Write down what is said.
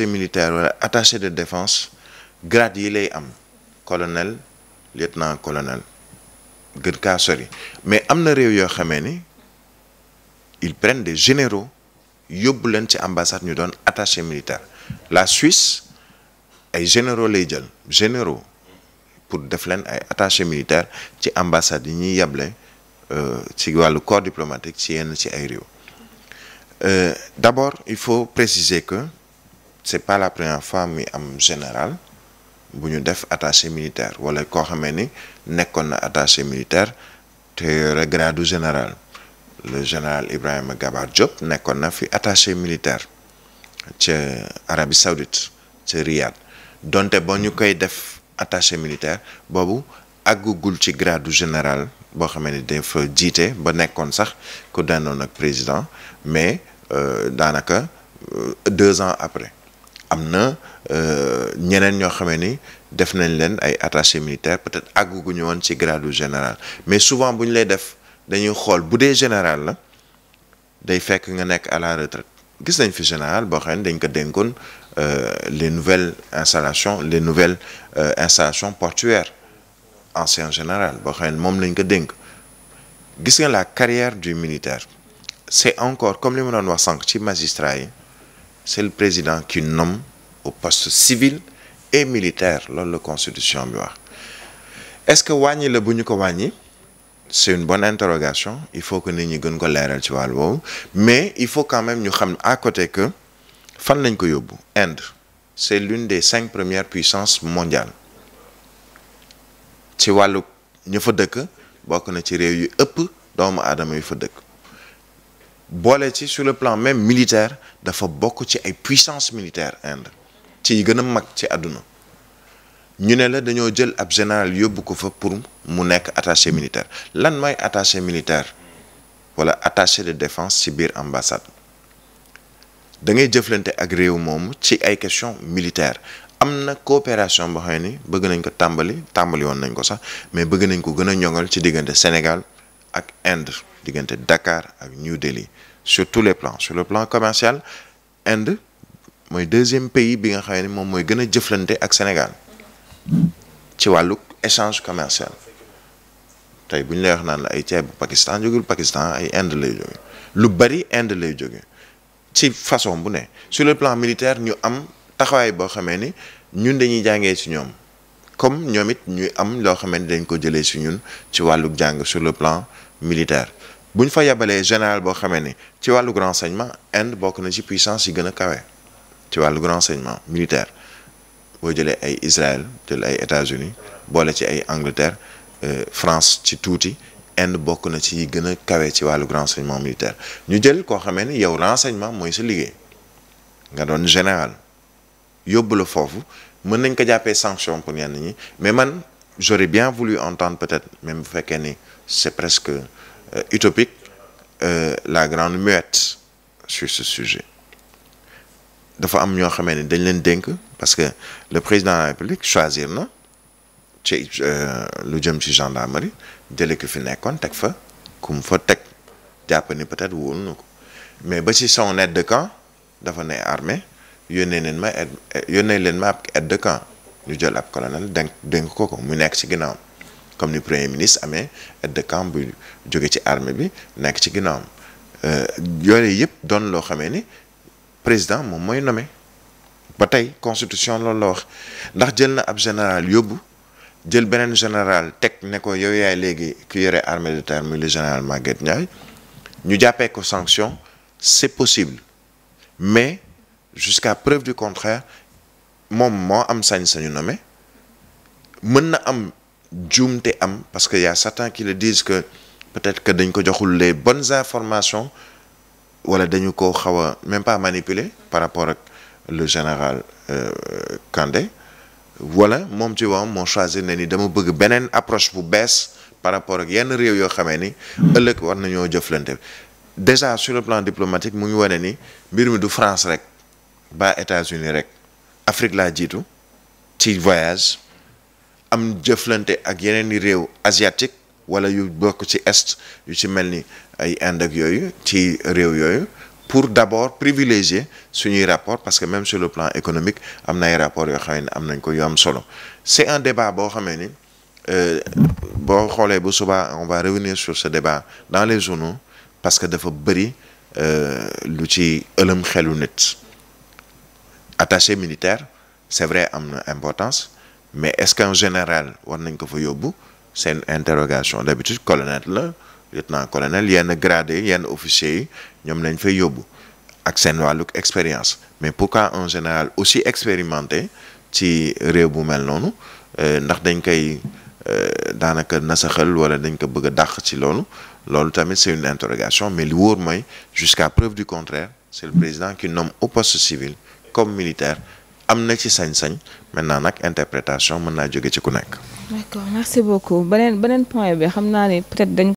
attaché militaire wala attaché de défense grade yi lay am colonel lieutenant colonel gën kaa sori mais am na réew yoo xamee ni ils prennent des généraux yóbbu leen ci ambassade ñu doon attaché militaire la Suisse ay généraux lay jël généraux pour def leen ay attaché militaire ci ambassade yi ñuy yeble euh, ci wàllu corps diplomatique ci yenn ci ay réew euh, d'abord il faut préciser que c'est pas la première femme muy am général bu ñu def attaché militaire wala koo xamee ni nekkoon na attaché militaire te yore gradu général le général Ibrahima Gabar Diop nekkoon na fi attaché militaire ca Arabie Saoudite ca Riyad donte ba ñu koy def attaché militaire boobu àggugul ci gradu général boo xamee ni dafa jiite ba nekkoon sax ku danoon ak président mais euh, daanaka euh, deux ans après am na euh, ñeneen ñoo xamee ni def nañ leen ay attaché militaire peut-être àgguñu woon ci grade général mais souvent bu ñu lay def dañuy xool bu dee général la day fekk nga nekk à la retraite gis nañ fi général boo xam ne dañ ko dénkoon euh, les nouvelles installations les nouvelles euh, installations portuaires ancien général boo xam ne moom lañ ko dénk gis nga la carrière du militaire c'est encore comme li ma doon wax sànq ci magistrat yi c'est le président qui nomme au poste civil et militaire loolu la constitution bi wax est-ce que wàññi la bu ñu ko wàññi c'est une bonne interrogation il faut que nit ñi gën ko leeral ci wàll woowu mais il faut quand même ñu xam à côté que fan lañ ko yóbbu Inde c'est l'une des cinq premières puissances mondiales ci wàllu ñu fa dëkk bokk na ci réew yu ëpp doomu aadama yu fa dëkk boole ci sur le plan même militaire dafa bokk ci ay puissance militaire Inde ci yi gën a mag ci àdduna ñu ne la dañoo jël ab général yóbbu ko fa pour mu nekk attaché militaire lan mooy attaché militaire wala attaché de défense ci biir ambassade da ngay jëflante ak réew moomu ci ay question militaire am na coopération boo xam ne bëgg nañ ko tàmbali tàmbali woon nañ ko sax mais bëgg nañ ko gën a ñoŋal ci diggante Sénégal ak Inde diggante Dakar ak New Delhi sur tous les plans sur le plan commercial Inde mooy deuxième pays bi nga xam ne moom mooy gën a jëflante ak Sénégal ci wàllu échange commercial tey bu ñu lay wax naan la ay ceeb bu Pakistan jógul Pakistan ay Inde lay jóge lu bari Inde lay jóge ci façon bu ne sur le plan militaire ñu am taxawaay boo xamee ni ñun dañuy jàngee ci ñoom comme ñoom it ñuy am loo xamante dañ ko jëlee ci ñun ci wàllu jàng sur le plan militaire bu ñu fa yebalee général boo xamee ni ci wàllu renseignement Inde bokk na ci puissance yi gën a kawe ci wàllu renseignement militaire boo jëlee ay Israël jël ay États-Unis boole ci ay Angleterre euh, France ci tuuti Inde bokk na ci yi gën a kawe ci wàllu renseignement militaire ñu jël koo xamee ni yow renseignement mooy sa liggéey nga doon général yóbbu la foofu mën nañ ko jàppee sanction pour ñenn ñi mais man. j'aurais bien voulu entendre peut-être même bu fekkee ni c'est presque euh, utopique euh, la grande muette sur ce sujet dafa am ñoo xamee ne dañ leen dénk parce que le président de la République choisir na ci euh, lu jëm ci gendarmerie jële ko fi nekkoon teg fa ku fa teg jàpp ni peut-être wóolu na ko mais ba ci son aide de camp dafa ne armée yónnee leen ma aide yónnee leen ma ab aide de camp ñu jël ab colonel dénk dénk ko ko mu nekk ci ginnaawam comme ni premier ministre amee aide de camp bu jóge ci armée bi nekk ci ginnaawam euh, yooyu yëpp donn loo xamee ni président moom mooy nommé ba tey constitution loolu la wax ndax jël na ab général yóbbu jël beneen général teg ne ko yow yaay léegi ku yore armée de terre muy le général Maguette Ndiaye ñu jàppee ko sanction c'est possible mais jusqu'à preuve du contraire moom moo am sañ-sañu nommé mën na am juumte am parce que y a certains qui le disent que peut-être que dañ ko joxul les bonnes informations wala dañu ko xaw a même pas manipuler par rapport ak lu général euh, Kandé wala moom ci wam moo choisir ne ni dama bëgg beneen approche bu bees par rapport ak yenn réew yoo xamee ni ëllëg war nañoo jëflante déjà sur le plan diplomatique mu ngi wane ni mbir mi du France rek ba États-Unis rek Afrique laa jiitu ci voyage am jëflante ak yeneen i réew asiatique wala yu bokk ci est yu ci mel ni ay Inde yooyu ci réew yooyu pour d'abord privilégier suñuy rapport parce que même sur le plan économique am na ay rapport yoo xam ne am nañ ko yu am solo c'est un débat boo xamee ni euh, boo xoolee bu suba on va revenir sur ce débat dans les journaux parce que dafa bëri euh, lu ci ëlëm xelu nit attaché militaire c'est vrai am na importance mais est-ce qu'un général war nañ ko fa yóbbu c'est une interrogation d'habitude colonel la lieutenant colonel yenn grade yenn officier yi ñoom lañ fay yóbbu ak seen wàlluk expérience mais pourquoi un général aussi expérimenté ci réew bu mel noonu euh, ndax dañ koy euh, daanaka nasaxal wala dañ ko bëgg a dàq ci loolu loolu tamit c'est une interrogation mais li wóor mooy jusqu'à preuve du contraire c'est le président qui nomme au poste civil comme militaire am na ci sañ-sañ maintenant nag interprétation mën naa jóge ci ku nekk. d'accord merci beaucoup beneen beneen point bi xam naa ne peut-être